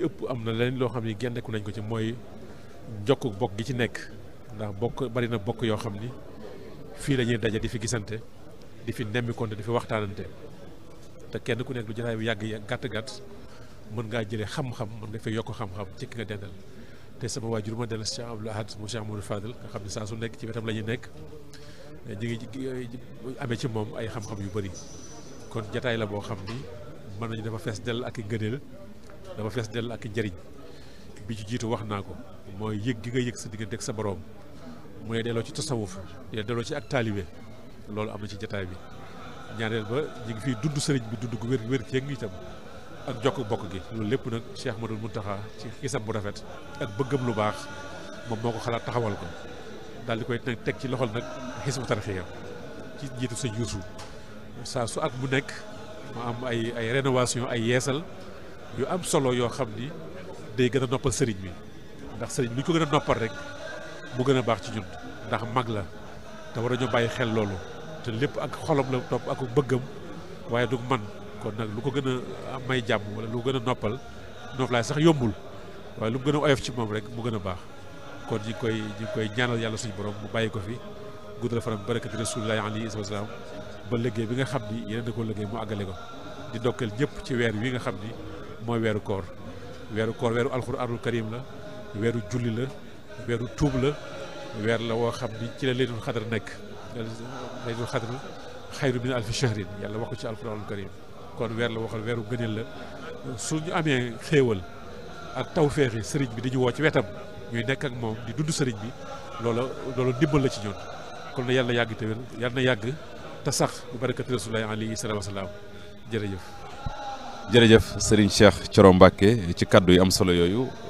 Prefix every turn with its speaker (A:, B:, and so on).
A: ci ëpp am na leneen loo xam ni genneku nañ ko ci mooy jokk bokk gi ci nekk ndax bokk bari na bokk yoo xam ni fii la ñuy daje di fi gisante di fi nemmikonte di fi waxtaanante te kenn ku nekk lu jotaay bu yàgg gàtt gàtt mën ngaa jëlee xam-xam mën nga fay yokk xam-xam ci ki nga dendal te sama waajur ma dellu si Abdoul mu Cheikh Modou Fadel nga xam ne saa su nekk ci wetam la ñuy nekk ñu ngi amee ci moom ay xam-xam yu bari kon jataay la boo xam ni mën nañu dafa fees dell ak i ngëneel dafa fees dell ak njëriñ bi ci jiitu wax naa ko mooy yëg gi nga yëg sa diggante ak sa boroom mu ne delloo ci tasawuf ne delloo ci ak taalibe loolu am na ci jataay bi ñaareel ba ñu ngi fiy dund sëriñ bi dund gu wér wér ceeg ngi itam ak jokk bokk gi loolu lépp nag Cheikh Madou Mountakha ci xisam bu rafet ak bëggam lu baax moom moo ko xalaat taxawal ko daal di koy nag teg ci loxol nag xisbu tarxiya ci jiitu sa yuusu saa su at bu nekk mu am ay ay rénovation ay yeesal yu am solo yoo xam ni day gën a noppal sëriñ bi ndax sëriñ bi ñu ko gën a noppal rek mu gën a baax ci ñun ndax mag la te war a ñu bàyyi xel loolu te lépp ak xolam la topp ak bëggam waaye du man kon nag lu ko gën a may jàmm wala lu ko gën a noppal noof laay sax yombul waaye lu mu gën a oyof ci moom rek mu gën a baax kon ñi koy ñi koy ñaanal yàlla suñu borom mu bàyyi ko fi guddal fanam barakati rasulillahi alayhi wa sallam ba liggéey bi nga xam ni yeneen ko liggéey mu àggale ko di ndokkeel ñëpp ci weer nga xam ni mooy weeru koor weeru koor weeru alxuraanul karim la weeru julli la weeru tuub la weer la woo xam ni ci la laylatul xadar nekk laylatul xadar xayru min alfi shahrin yàlla wax ci alxuraanul karim kon weer la waxal weeru gëneel la su ñu amee xéewal ak tawféexi sëriñ bi di ñu ci wetam ñuy nekk ak moom di dund sëriñ bi loola loola ndimbal la ci ñoon kon na yàlla yàgg te wér yàlla yàgg te sax bu barakati rasulaay alayhi salaam salaam jërëjëf jërëjëf Serigne Cheikh Thioro Mbacké ci kàddu yi am solo yooyu